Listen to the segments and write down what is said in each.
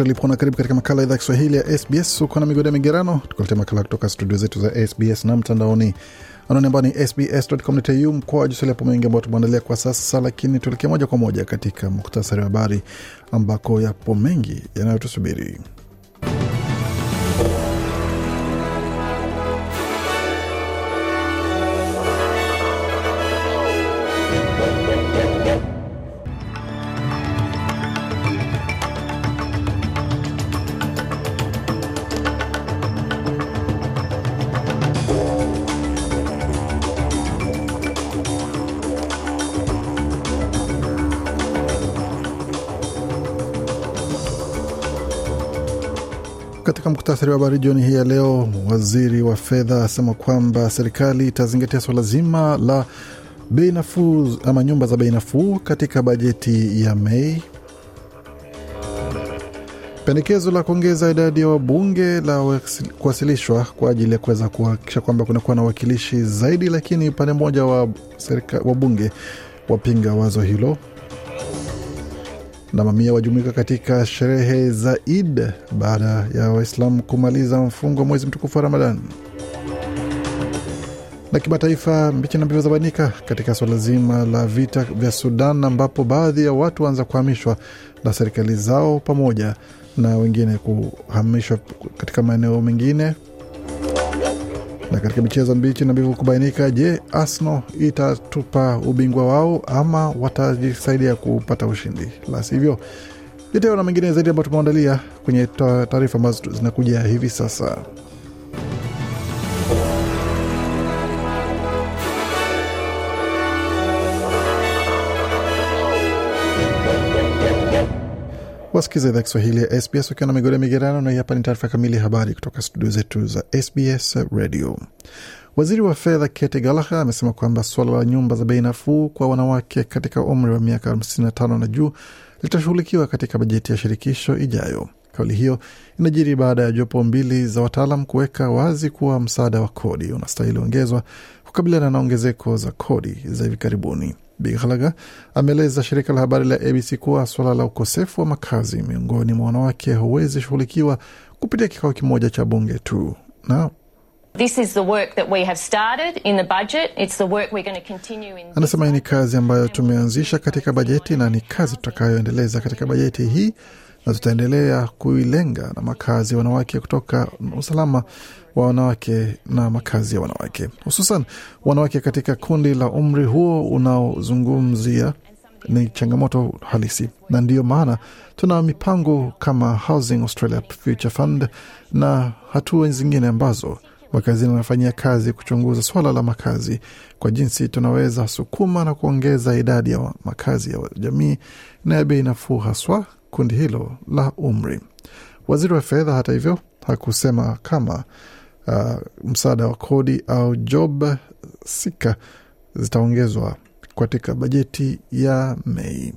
utalipo na karibu katika makala idhaa Kiswahili ya SBS. huko na ya migerano, tukuletea makala kutoka studio zetu za SBS na mtandaoni anaoni ambao ni sbs.com.au mkoa wa Jisuliapo mengi ambao tumeandalia kwa sasa, lakini tuelekee moja kwa moja katika muktasari wa habari ambako yapo mengi yanayotusubiri. Katika muktasari wa habari jioni hii ya leo, waziri wa fedha asema kwamba serikali itazingatia swala zima la bei nafuu ama nyumba za bei nafuu katika bajeti ya Mei. Pendekezo la kuongeza idadi ya wabunge la kuwasilishwa kwa ajili ya kuweza kuhakikisha kwamba kunakuwa na wakilishi zaidi, lakini upande mmoja wa wabunge wapinga wazo hilo na mamia wajumuika katika sherehe za id baada ya Waislamu kumaliza mfungo wa mwezi mtukufu wa ramadan Na kimataifa, mbichi na mbivu zabainika katika suala zima la vita vya Sudan, ambapo baadhi ya watu waanza kuhamishwa na serikali zao pamoja na wengine kuhamishwa katika maeneo mengine na katika michezo mbichi na mbivu kubainika, je, Arsenal itatupa ubingwa wao ama watajisaidia kupata ushindi? La hivyo litayo na mengine zaidi ambayo tumeandalia kwenye taarifa ambazo zinakuja hivi sasa. waskiza idhaa Kiswahili ya SBS ukiwa na migodo ya migerano, na hii hapa ni taarifa kamili ya habari kutoka studio zetu za SBS Radio. Waziri wa fedha Kate galaha amesema kwamba suala la nyumba za bei nafuu kwa wanawake katika umri wa miaka 55 na juu litashughulikiwa katika bajeti ya shirikisho ijayo. Kauli hiyo inajiri baada ya jopo mbili za wataalam kuweka wazi kuwa msaada wa kodi unastahili ongezwa kukabiliana na ongezeko za kodi za hivi karibuni. Bighlaga ameeleza shirika la habari la ABC kuwa suala la ukosefu wa makazi miongoni mwa wanawake huwezi shughulikiwa kupitia kikao kimoja cha bunge tu na Anasema hii ni kazi ambayo tumeanzisha katika bajeti na ni kazi tutakayoendeleza katika bajeti hii na tutaendelea kuilenga na makazi ya wanawake kutoka usalama wa wanawake na makazi ya wanawake, hususan wanawake katika kundi la umri huo unaozungumzia ni changamoto halisi, na ndiyo maana tuna mipango kama Housing Australia Future Fund na hatua zingine ambazo makazini wanafanyia kazi kuchunguza swala la makazi kwa jinsi tunaweza sukuma na kuongeza idadi ya makazi ya jamii na ya bei nafuu, haswa kundi hilo la umri. Waziri wa fedha, hata hivyo, hakusema kama uh, msaada wa kodi au job sika zitaongezwa katika bajeti ya Mei.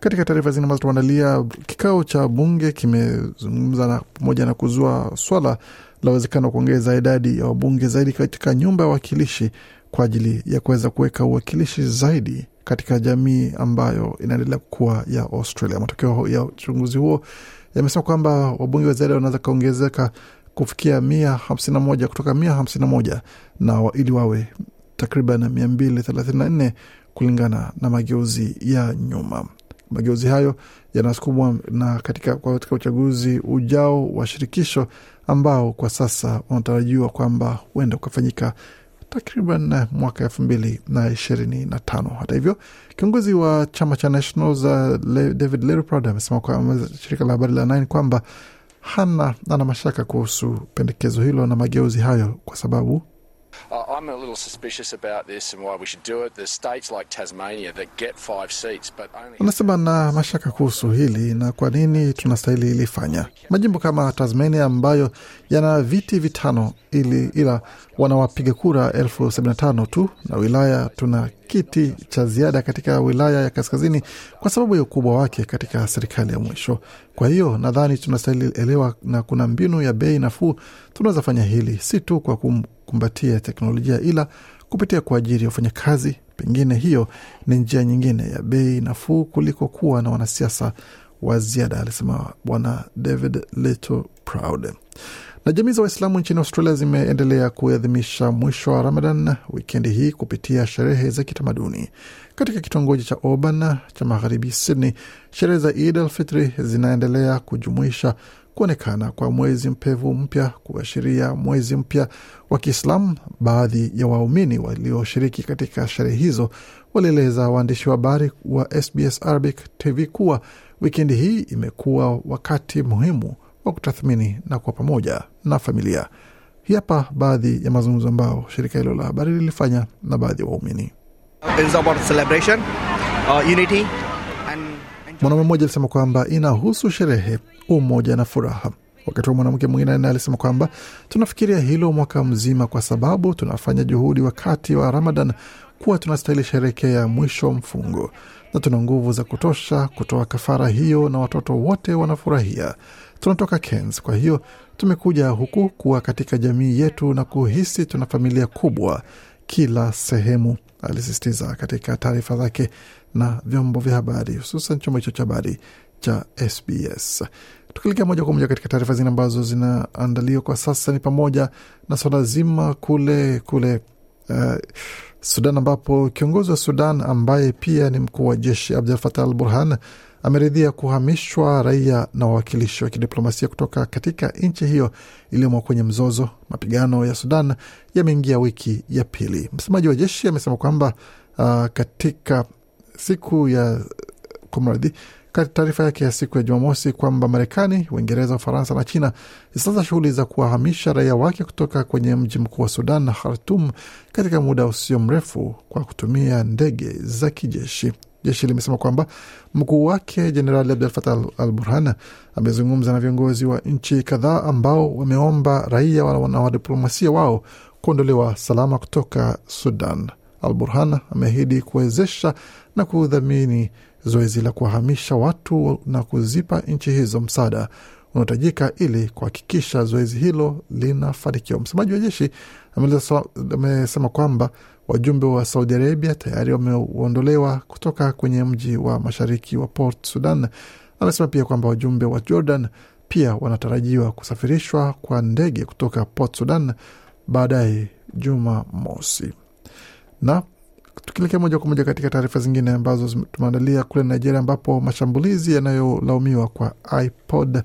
Katika taarifa zingine ambazo tumeandalia, kikao cha bunge kimezungumza na pamoja na kuzua swala la uwezekano wa kuongeza idadi ya wabunge zaidi katika nyumba ya wakilishi kwa ajili ya kuweza kuweka uwakilishi zaidi katika jamii ambayo inaendelea kukua ya Australia. Matokeo ya uchunguzi huo yamesema kwamba wabunge wa ziada wanaweza kaongezeka kufikia mia hamsini na moja kutoka mia hamsini na moja na ili wawe takriban mia mbili thelathini na nne kulingana na mageuzi ya nyuma. Mageuzi hayo yanasukumwa na katika, katika uchaguzi ujao wa shirikisho ambao kwa sasa wanatarajiwa kwamba huenda ukafanyika takriban mwaka elfu mbili na ishirini na tano. Hata hivyo, kiongozi wa chama cha Nationals uh, David Littleproud amesema kwa shirika la habari la Nine kwamba hana ana mashaka kuhusu pendekezo hilo na mageuzi hayo kwa sababu I'm a little suspicious about this and why we should do it. The states like Tasmania that get five seats, but only... Anasema na mashaka kuhusu hili na kwa nini tunastahili ilifanya. Majimbo kama Tasmania ambayo yana viti vitano ili ila wanawapiga kura elfu sabini na tano tu, na wilaya tuna kiti cha ziada katika wilaya ya kaskazini kwa sababu ya ukubwa wake katika serikali ya mwisho. Kwa hiyo nadhani tunastahili elewa, na kuna mbinu ya bei nafuu tunaweza fanya hili, si tu kwa kum kukumbatia teknolojia, ila kupitia kuajiri wafanyakazi. Pengine hiyo ni njia nyingine ya bei nafuu kuliko kuwa na wanasiasa wa ziada, alisema Bwana David Little Proud. Na jamii za Waislamu nchini Australia zimeendelea kuadhimisha mwisho wa Ramadan wikendi hii kupitia sherehe za kitamaduni. Katika kitongoji cha Oban cha magharibi Sydney, sherehe za Eid al-Fitri zinaendelea kujumuisha kuonekana kwa mwezi mpevu mpya kuashiria mwezi mpya wa Kiislamu. Baadhi ya waumini walioshiriki katika sherehe hizo walieleza waandishi wa habari wa SBS Arabic TV kuwa wikendi hii imekuwa wakati muhimu wa kutathmini na kuwa pamoja na familia. Hii hapa baadhi ya mazungumzo ambayo shirika hilo la habari lilifanya na baadhi ya waumini. Mwanaume mmoja alisema kwamba inahusu sherehe, umoja na furaha, wakati huo mwanamke mwingine naye alisema kwamba tunafikiria hilo mwaka mzima, kwa sababu tunafanya juhudi wakati wa Ramadan kuwa tunastahili sherekea mwisho mfungo na tuna nguvu za kutosha kutoa kafara hiyo, na watoto wote wanafurahia. Tunatoka Kens, kwa hiyo tumekuja huku kuwa katika jamii yetu na kuhisi tuna familia kubwa kila sehemu, alisisitiza katika taarifa zake na vyombo vya habari, hususan chombo hicho cha habari cha SBS. Tukilekea moja kwa moja katika taarifa zingine ambazo zinaandaliwa kwa sasa ni pamoja na swala zima kule kule uh, Sudan ambapo kiongozi wa Sudan ambaye pia ni mkuu wa jeshi Abdul Fatah al Burhan ameridhia kuhamishwa raia na wawakilishi wa kidiplomasia kutoka katika nchi hiyo iliyomo kwenye mzozo. Mapigano ya Sudan yameingia wiki ya pili. Msemaji wa jeshi amesema kwamba uh, katika siku ya kumradhi, taarifa yake ya siku ya Jumamosi kwamba Marekani, Uingereza, Ufaransa na China zitaanza shughuli za kuwahamisha raia wake kutoka kwenye mji mkuu wa Sudan na Khartum katika muda usio mrefu kwa kutumia ndege za kijeshi. Jeshi limesema kwamba mkuu wake Jenerali Abdel Fattah al Burhan amezungumza na viongozi wa nchi kadhaa ambao wameomba raia na wadiplomasia wao kuondolewa salama kutoka Sudan. Al Burhan ameahidi kuwezesha na kudhamini zoezi la kuwahamisha watu na kuzipa nchi hizo msaada unaotajika ili kuhakikisha zoezi hilo linafanikiwa. Msemaji wa jeshi amesema kwamba wajumbe wa Saudi Arabia tayari wameondolewa kutoka kwenye mji wa mashariki wa Port Sudan. Amesema pia kwamba wajumbe wa Jordan pia wanatarajiwa kusafirishwa kwa ndege kutoka Port Sudan baadaye Juma mosi na Tukielekea moja kwa moja katika taarifa zingine ambazo tumeandalia kule Nigeria, ambapo mashambulizi yanayolaumiwa kwa iPod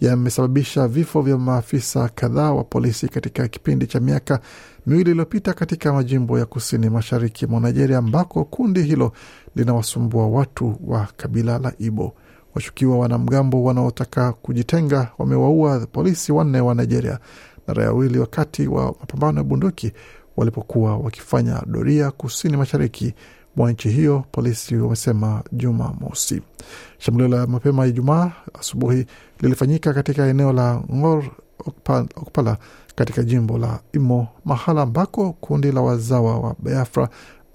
yamesababisha vifo vya maafisa kadhaa wa polisi katika kipindi cha miaka miwili iliyopita katika majimbo ya kusini mashariki mwa Nigeria, ambako kundi hilo linawasumbua watu wa kabila la Ibo. Washukiwa wanamgambo wanaotaka kujitenga wamewaua polisi wanne wa Nigeria na raia wawili wakati wa mapambano ya bunduki walipokuwa wakifanya doria kusini mashariki mwa nchi hiyo, polisi wamesema mosi Shambulio la mapema Ijumaa asubuhi lilifanyika katika eneo la Ngor Okpala katika jimbo la Imo, mahala ambako kundi la wazawa wa Biafra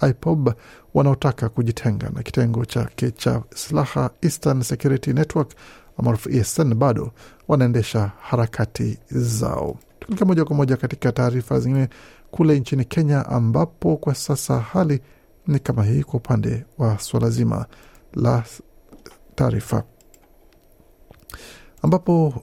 IPOB wanaotaka kujitenga na kitengo chake cha silaha Eastern Security Network maarufu ESN bado wanaendesha harakati zao. Tukilika moja kwa moja katika taarifa zingine, kule nchini Kenya, ambapo kwa sasa hali ni kama hii kwa upande wa suala zima la taarifa, ambapo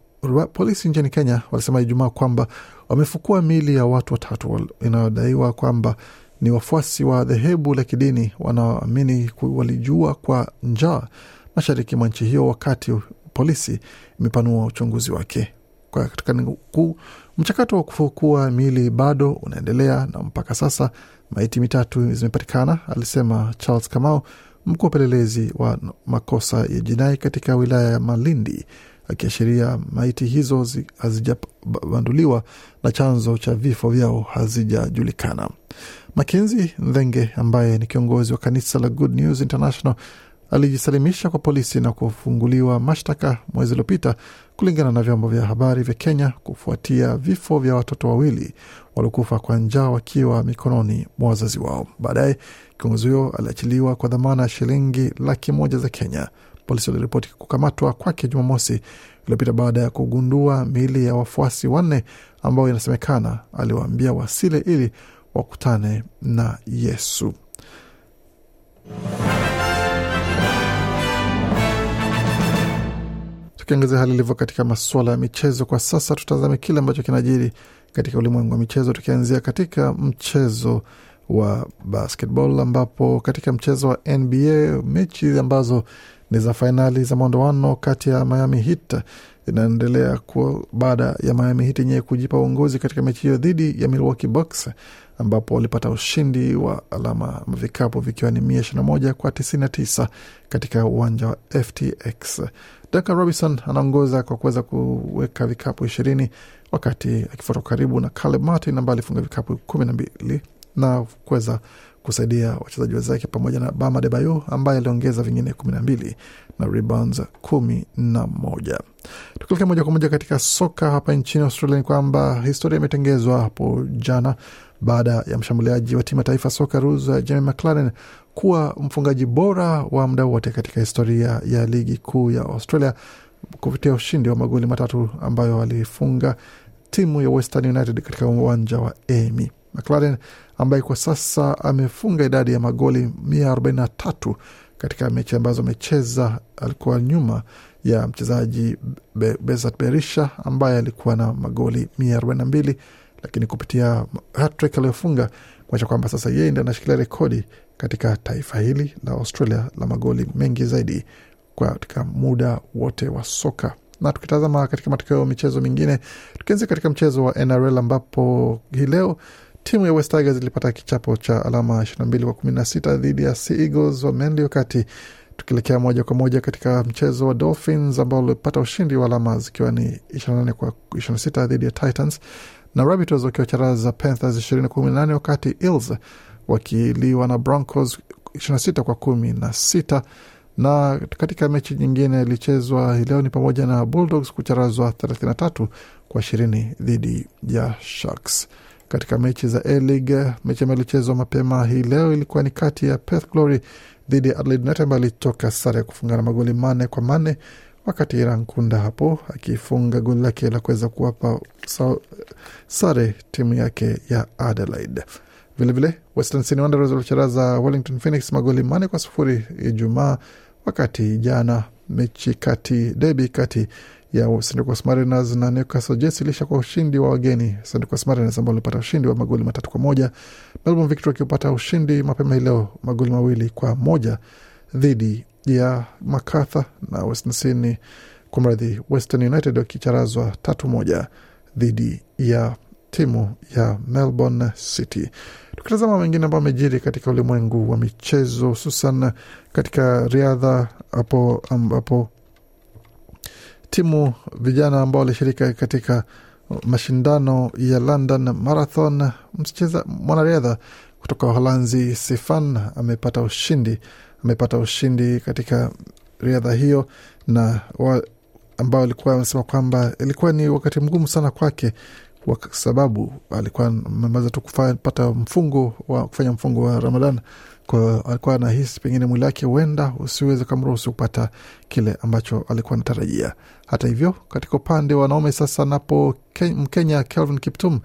polisi nchini Kenya walisema Ijumaa kwamba wamefukua miili ya watu watatu inayodaiwa kwamba ni wafuasi wa dhehebu la kidini wanaoamini walijua kwa njaa mashariki mwa nchi hiyo, wakati polisi imepanua uchunguzi wake katika kuu. Mchakato wa kufukua mili bado unaendelea na mpaka sasa maiti mitatu zimepatikana, alisema Charles Kamau, mkuu wa upelelezi wa makosa ya jinai katika wilaya ya Malindi, akiashiria maiti hizo hazijabanduliwa na chanzo cha vifo vyao hazijajulikana. Makenzi Nthenge ambaye ni kiongozi wa kanisa la Good News International alijisalimisha kwa polisi na kufunguliwa mashtaka mwezi uliopita, kulingana na vyombo vya habari vya Kenya, kufuatia vifo vya watoto wawili waliokufa kwa njaa wakiwa mikononi mwa wazazi wao. Baadaye kiongozi huyo aliachiliwa kwa dhamana ya shilingi laki moja za Kenya. Polisi waliripoti kukamatwa kwake Jumamosi iliopita baada ya kugundua miili ya wafuasi wanne ambao inasemekana aliwaambia wasile ili wakutane na Yesu. tukiangazia hali ilivyo katika masuala ya michezo kwa sasa, tutazame kile ambacho kinajiri katika ulimwengu wa michezo, tukianzia katika mchezo wa basketball, ambapo katika mchezo wa NBA mechi ambazo ni za fainali za mwandowano kati ya Miami Heat inaendelea baada ya Miami Heat yenyewe kujipa uongozi katika mechi hiyo dhidi ya Milwaukee Bucks ambapo walipata ushindi wa alama vikapu vikiwa ni mia ishirini na moja kwa tisini na tisa katika uwanja wa FTX. Duncan Robinson anaongoza kwa kuweza kuweka vikapu ishirini wakati akifuatwa karibu na Caleb Martin ambaye alifunga vikapu kumi na mbili na kuweza kusaidia wachezaji wenzake pamoja na Bama de Bayo ambaye aliongeza vingine kumi na mbili na rebounds kumi na moja. Tukilekea moja kwa moja katika soka hapa nchini Australia ni kwamba historia imetengezwa hapo jana baada ya mshambuliaji wa timu ya taifa soka Ruza Jamie McLaren kuwa mfungaji bora wa muda wote katika historia ya ligi kuu ya Australia kupitia ushindi wa magoli matatu ambayo walifunga timu ya Western United katika uwanja wa Amy. McLaren ambaye kwa sasa amefunga idadi ya magoli 143 katika mechi ambazo amecheza, alikuwa nyuma ya mchezaji Be Bezat Berisha ambaye alikuwa na magoli 142, lakini kupitia hattrick aliyofunga kuonyesha kwamba sasa yeye ndiye anashikilia rekodi katika taifa hili la Australia la magoli mengi zaidi katika muda wote wa soka. Na tukitazama katika matokeo ya michezo mingine, tukianzia katika mchezo wa NRL ambapo hii leo timu ya West Tigers ilipata kichapo cha alama 22 kwa 16 dhidi ya Sea Eagles wa Manly, wakati tukielekea moja kwa moja katika mchezo wa Dolphins ambao ulipata ushindi wa alama zikiwa ni 28 kwa 26 dhidi ya Titans na Rabbitohs wakiwacharaza Panthers 20 kwa 18 wakati Eels wakiliwa na Broncos 26 kwa kumi na sita na katika mechi nyingine ilichezwa hii leo ni pamoja na Bulldogs kucharazwa 33 kwa 20 dhidi ya Sharks. Katika mechi za A-League, mechi ambayo ilichezwa mapema hii leo ilikuwa ni kati ya Perth Glory dhidi ya Adelaide United ambayo ilitoka sare ya kufungana magoli manne kwa manne, wakati Rankunda hapo akifunga goli lake la kuweza kuwapa sare timu yake ya Adelaide. Vilevile Western Sydney Wanderers walicharaza Wellington Phoenix magoli manne kwa sufuri Ijumaa, wakati jana mechi kati debi kati ya St Coast Mariners na Newcastle Jets ilisha kwa ushindi wa wageni, St Coast Mariners ambao walipata ushindi wa magoli matatu kwa moja, Melbourne Victory wakipata ushindi mapema hii leo magoli mawili kwa moja dhidi ya Makatha na Western Sydney, kumradhi, Western United wakicharazwa tatu moja dhidi ya timu ya Melbourne City. Tukitazama mengine ambayo amejiri katika ulimwengu wa michezo, hususan katika riadha, hapo ambapo timu vijana ambao walishirika katika mashindano ya London Marathon, mcheza mwanariadha kutoka Uholanzi Sifan amepata ushindi, amepata ushindi katika riadha hiyo na wa, ambao alikuwa amesema kwamba ilikuwa ni wakati mgumu sana kwake kwa sababu alikuwa ameweza tu kupata mfungo wa kufanya mfungo wa Ramadan, Kwa alikuwa anahisi pengine mwili wake huenda usiweze kamruhusu kupata kile ambacho alikuwa anatarajia. Hata hivyo, katika upande wa wanaume sasa, napo Mkenya Kelvin Kiptum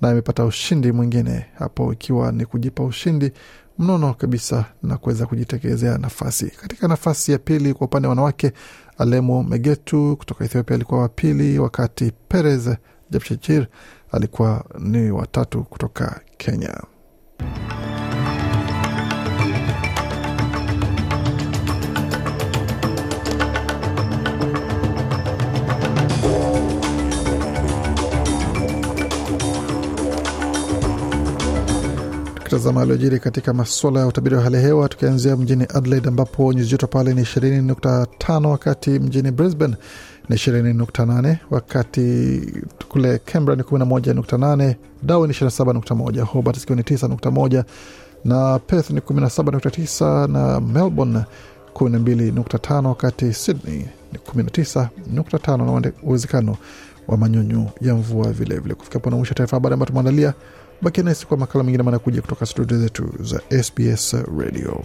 naye amepata ushindi mwingine hapo, ikiwa ni kujipa ushindi mnono kabisa na kuweza kujitekelezea nafasi. Katika nafasi ya pili kwa upande wa wanawake, Alemo Megetu kutoka Ethiopia alikuwa wa pili, wakati Perez Jepchechir alikuwa ni watatu kutoka Kenya. Tukitazama aliojiri katika masuala ya utabiri wa hali ya hewa, tukianzia mjini Adelaide ambapo nyuzi joto pale ni 20.5 wakati mjini Brisbane ni 20.8, wakati kule Canberra ni 11.8, Darwin ni 27.1, Hobart ikiwa ni 9.1 na Perth ni 17.9 na Melbourne 12.5, wakati Sydney ni 19.5 na uwezekano wa manyunyu ya mvua vilevile. Kufika hapo na mwisho taarifa habari ambayo tumeandalia. Bakia nasi kwa makala mengine manakuja kutoka studio zetu za SBS Radio.